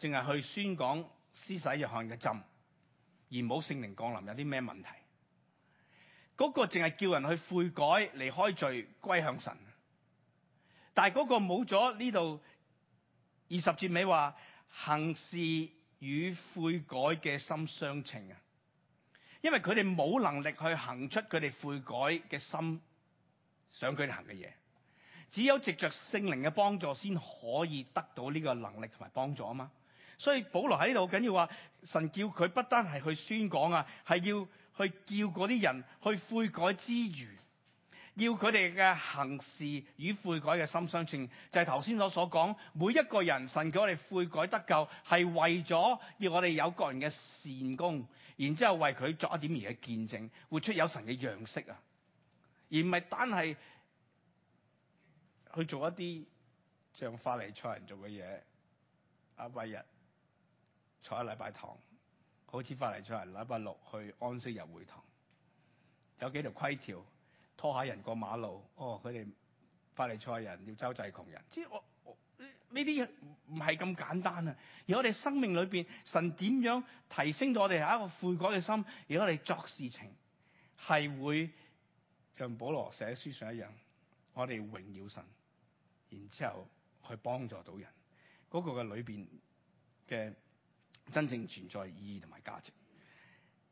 淨係去宣講施洗約翰嘅浸，而冇聖靈降臨，有啲咩問題？嗰、那個淨係叫人去悔改、離開罪、歸向神，但係嗰個冇咗呢度二十節尾話行事與悔改嘅心相稱啊，因為佢哋冇能力去行出佢哋悔改嘅心。想佢行嘅嘢，只有藉着聖靈嘅幫助先可以得到呢個能力同埋幫助啊嘛。所以保羅喺呢度緊要話，神叫佢不單係去宣講啊，係要去叫嗰啲人去悔改之餘，要佢哋嘅行事與悔改嘅心相稱，就係頭先所講，每一個人神叫我哋悔改得救，係為咗要我哋有個人嘅善功，然之後為佢作一點而嘅見證，活出有神嘅樣式啊。而唔係單係去做一啲像法利賽人做嘅嘢，禮拜日坐喺禮拜堂，好似法利賽人禮拜六去安息日會堂，有幾條規條拖下人過馬路。哦，佢哋法利賽人要周濟窮人，即係我呢啲嘢唔係咁簡單啊！而我哋生命裏邊，神點樣提升咗我哋係一個悔改嘅心，而我哋作事情係會。像保羅寫書上一樣，我哋要榮耀神，然之後去幫助到人，嗰個嘅裏邊嘅真正存在意義同埋價值。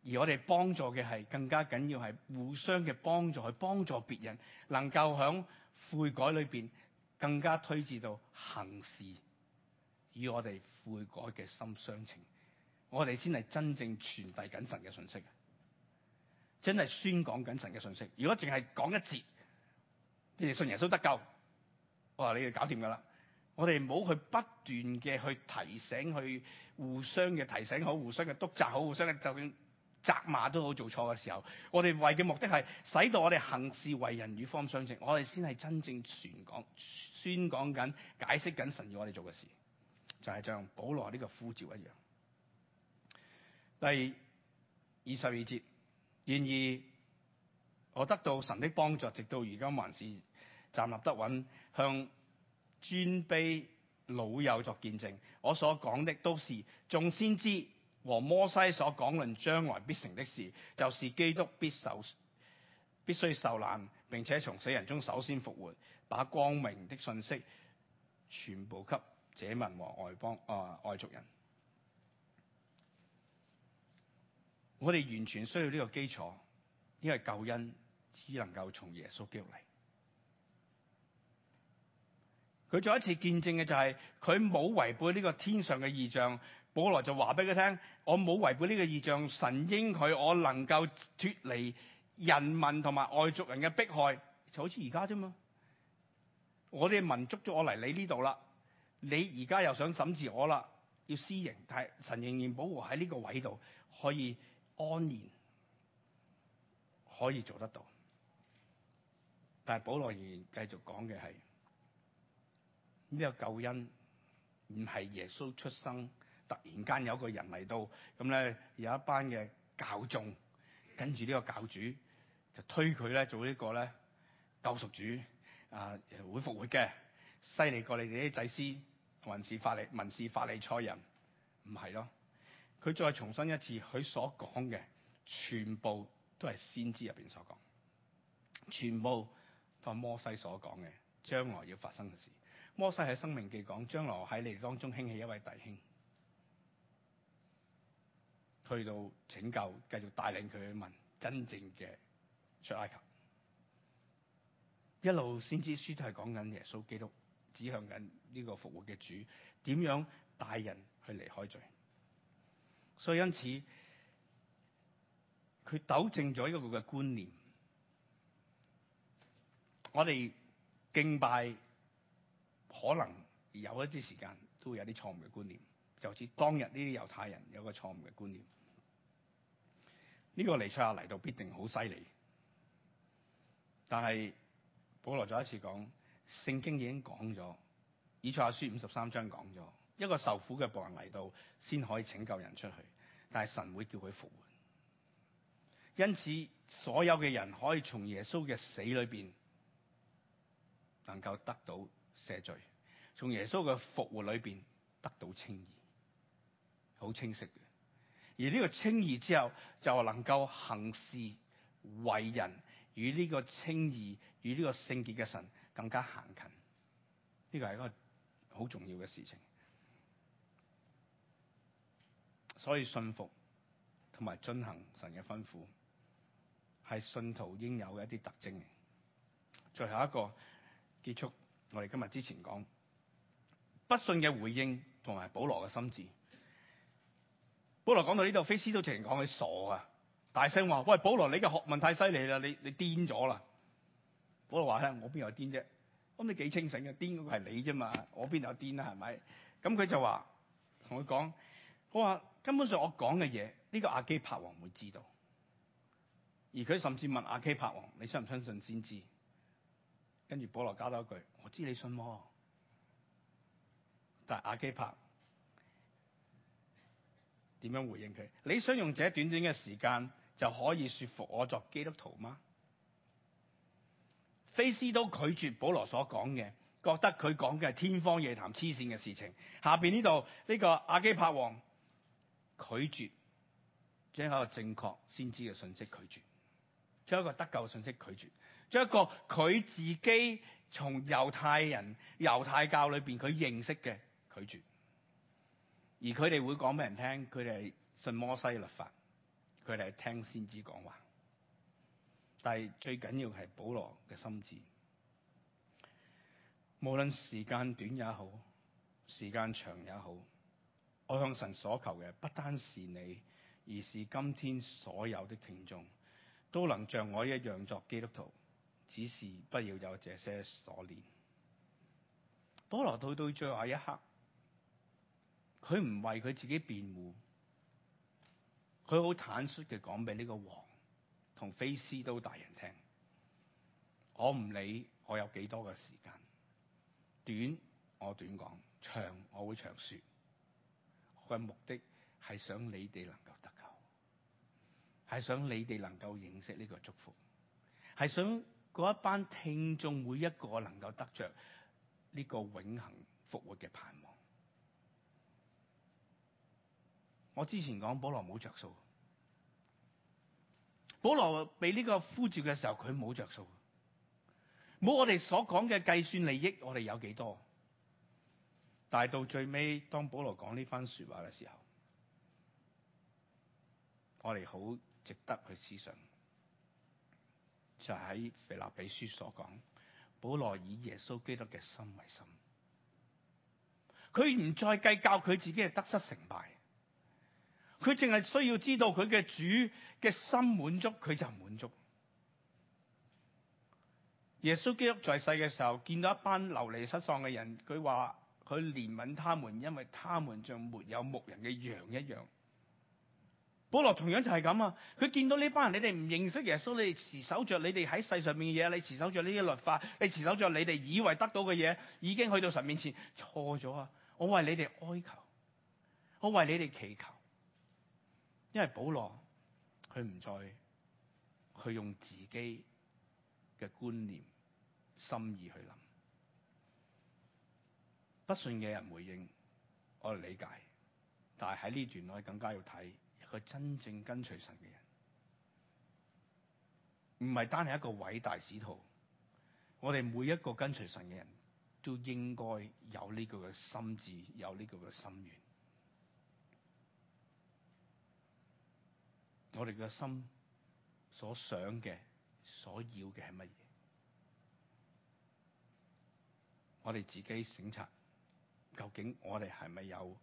而我哋幫助嘅係更加緊要係互相嘅幫助，去幫助別人，能夠響悔改裏邊更加推至到行事，與我哋悔改嘅心相稱，我哋先係真正傳遞緊神嘅信息。真係宣講緊神嘅信息。如果淨係講一次，你哋信耶穌得救，我話你哋搞掂㗎啦。我哋唔好去不斷嘅去提醒、去互相嘅提醒好、互相嘅督責好、互相嘅就算責罵都好，做錯嘅時候，我哋為嘅目的係使到我哋行事為人與方相稱。我哋先係真正宣講、宣講緊、解釋緊神要我哋做嘅事，就係、是、像保羅呢個呼召一樣。第二，二十二節。然而，我得到神的幫助，直到而家還是站立得穩，向尊卑老友作見證，我所講的都是眾先知和摩西所講論將來必成的事，就是基督必受必須受難，並且從死人中首先復活，把光明的信息全部給這民和外邦啊、呃、外族人。我哋完全需要呢個基礎，因為救恩只能夠從耶穌基督嚟。佢再一次見證嘅就係佢冇違背呢個天上嘅異象，保羅就話俾佢聽：我冇違背呢個異象，神應佢，我能夠脫離人民同埋外族人嘅迫害，就好似而家啫嘛。我哋民捉咗我嚟你呢度啦，你而家又想審判我啦，要私刑，但係神仍然保護喺呢個位度，可以。安然可以做得到，但係保羅仍然繼續講嘅係呢個救恩唔係耶穌出生，突然間有一個人嚟到，咁咧有一班嘅教眾跟住呢個教主就推佢咧做呢個咧救贖主啊，會復活嘅，犀利過你哋啲祭司、民事法理、民事法利賽人，唔係咯。佢再重申一次，佢所講嘅全部都係先知入邊所講，全部都,全部都係摩西所講嘅將來要發生嘅事。摩西喺《生命記》講將來喺你哋當中興起一位弟兄，去到拯救，繼續帶領佢去問真正嘅出埃及。一路先知書都係講緊耶穌基督，指向緊呢個復活嘅主，點樣帶人去離開罪。所以因此，佢糾正咗一個佢嘅觀念。我哋敬拜可能有一啲時間都會有一些錯誤的觀念，就像當日這些猶太人有一個錯誤的觀念。這個尼賽亞嚟到必定好犀利，但是保羅再一次講，聖經已經講了，以賽亞書五十三章講了。一個受苦嘅僕人嚟到，先可以拯救人出去。但係神會叫佢復活。因此，所有嘅人可以從耶穌嘅死裏邊，能夠得到赦罪；從耶穌嘅復活裏邊得到稱義，好清晰嘅。而呢個稱義之後，就能夠行事為人，與呢個公義、與呢個聖潔嘅神更加行近。呢個係一個好重要嘅事情。所以信服同埋遵行神嘅吩咐，係信徒應有嘅一啲特徵。最後一個結束，我哋今日之前講不信嘅回應同埋保羅嘅心智。保羅講到呢度，非斯都直情講佢傻啊，大聲話：喂，保羅，你嘅學問太犀利啦，你你癲咗啦！保羅話咧：我邊有癲啫？咁你幾清醒啊？癲嗰個係你啫嘛，我邊有癲啊？係咪？咁佢就話同佢講，我話。根本上我的，我講嘅嘢呢個亞基帕王會知道，而佢甚至問亞基帕王：你信唔相信先知？跟住保羅加多一句：我知你信喎，但係亞基帕點樣回應佢？你想用這短短嘅時間就可以說服我作基督徒嗎？菲斯都拒絕保羅所講嘅，覺得佢講嘅係天方夜譚痴線嘅事情。下邊呢度呢個亞基帕王。拒絕將一個正確先知嘅信息拒絕，將一個得救信息拒絕，將一個佢自己從猶太人、猶太教裏邊佢認識嘅拒絕，而佢哋會講俾人聽，佢哋係信摩西律法，佢哋係聽先知講話，但係最緊要係保羅嘅心智，無論時間短也好，時間長也好。我向神所求嘅不單是你，而是今天所有的聽眾都能像我一樣作基督徒，只是不要有這些鎖鏈。保羅到到最後一刻，佢唔為佢自己辯護，佢好坦率嘅講俾呢個王同菲斯都大人聽：我唔理我有幾多嘅時間，短我短講，長我會長說。個目的係想你哋能夠得救，係想你哋能夠認識呢個祝福，係想嗰一班聽眾每一個能夠得着呢個永恆復活嘅盼望。我之前講保羅冇着數，保羅俾呢個呼召嘅時候佢冇着數，冇我哋所講嘅計算利益我們，我哋有幾多？但係到最尾，當保羅講呢番說話嘅時候，我哋好值得去思想，就喺腓立比書所講，保羅以耶穌基督嘅心為心，佢唔再計較佢自己嘅得失成敗，佢淨係需要知道佢嘅主嘅心滿足，佢就滿足。耶穌基督在世嘅時候，見到一班流離失喪嘅人，佢話。佢憐憫他們，因為他們像沒有牧人嘅羊一樣。保羅同樣就係咁啊！佢見到呢班人，你哋唔認識耶穌，你哋持守着你哋喺世上面嘅嘢，你持守着呢啲律法，你持守着你哋以為得到嘅嘢，已經去到神面前，錯咗啊！我為你哋哀求，我為你哋祈求，因為保羅佢唔再去用自己嘅觀念、心意去諗。不信嘅人回應，我哋理解。但係喺呢段我哋更加要睇一個真正跟隨神嘅人，唔係單係一個偉大使徒。我哋每一個跟隨神嘅人都應該有呢個嘅心智，有呢個嘅心願。我哋嘅心所想嘅、所要嘅係乜嘢？我哋自己省察。究竟我哋係咪有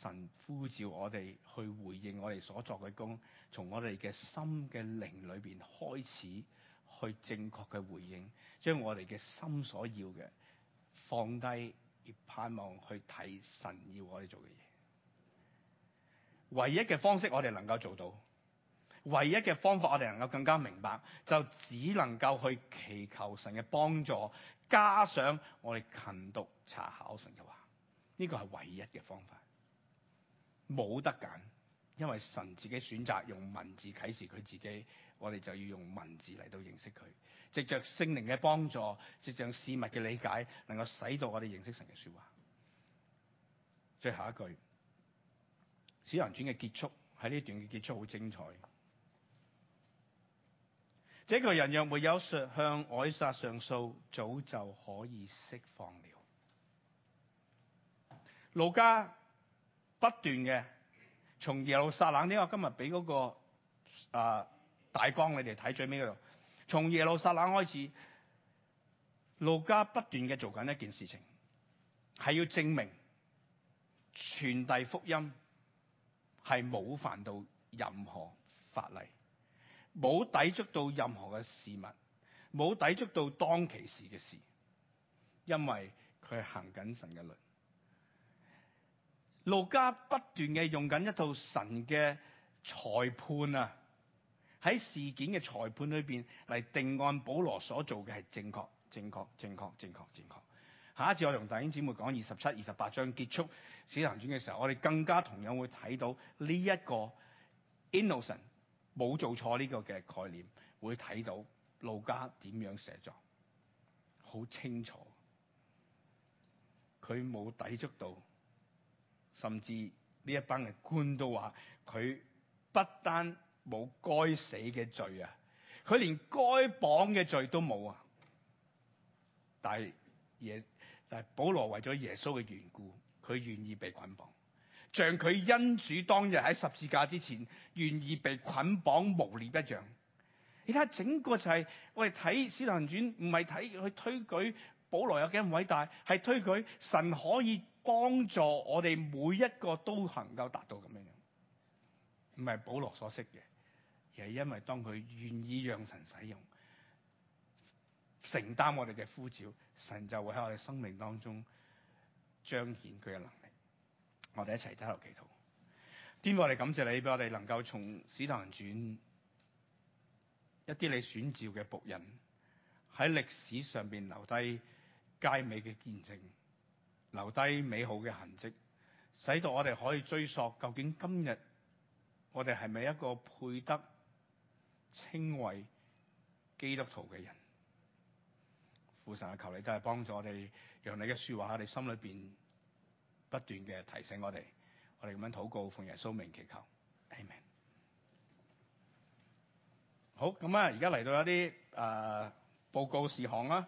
神呼召我哋去回應我哋所作嘅工，從我哋嘅心嘅靈裏邊開始，去正確嘅回應，將我哋嘅心所要嘅放低，而盼望去睇神要我哋做嘅嘢。唯一嘅方式我哋能夠做到，唯一嘅方法我哋能夠更加明白，就只能夠去祈求神嘅幫助。加上我哋勤讀查考神嘅話，呢個係唯一嘅方法，冇得揀，因為神自己選擇用文字啟示佢自己，我哋就要用文字嚟到認識佢，藉着聖靈嘅幫助，藉着事物嘅理解，能夠使到我哋認識神嘅說話。最後一句，《小人傳》嘅結束喺呢一段嘅結束好精彩。這個人若沒有向沙上向凱撒上訴，早就可以釋放了。路加不斷嘅從耶路撒冷，呢、那個今日俾嗰個大綱，你哋睇最尾嗰度。從耶路撒冷開始，路加不斷嘅做緊一件事情，係要證明傳遞福音係冇犯到任何法例。冇抵觸到任何嘅事物，冇抵觸到當其時嘅事，因為佢係行緊神嘅律。路加不斷嘅用緊一套神嘅裁判啊，喺事件嘅裁判裏邊嚟，定案，保羅所做嘅係正確、正確、正確、正確、正確。下一次我同弟兄姊妹講二十七、二十八章結束《使徒行傳》嘅時候，我哋更加同樣會睇到呢一個 innocent。冇做錯呢個嘅概念，會睇到路加點樣寫作，好清楚。佢冇抵觸到，甚至呢一班嘅官都話佢不單冇該死嘅罪啊，佢連該綁嘅罪都冇啊。但係耶但係保羅為咗耶穌嘅緣故，佢願意被捆綁、綁。像佢因主當日喺十字架之前願意被捆綁誣衊一樣，你睇下整個就係、是、我哋睇使徒行傳，唔係睇去推舉保羅有幾咁偉大，係推舉神可以幫助我哋每一個行都能夠達到咁樣，唔係保羅所識嘅，而係因為當佢願意讓神使用，承擔我哋嘅呼召，神就會喺我哋生命當中彰顯佢嘅能力。我哋一齊低頭祈禱。天父，我哋感謝你，俾我哋能夠從使徒行傳一啲你選召嘅僕人，喺歷史上邊留低佳美嘅見證，留低美好嘅痕跡，使到我哋可以追溯究竟今日我哋係咪一個配得稱為基督徒嘅人？父神求你都係幫助我哋，讓你嘅說話喺我哋心裏邊。不斷嘅提醒我哋，我哋咁樣禱告，奉耶穌名祈求，amen。好，咁啊，而家嚟到一啲，呃、報告事項啦。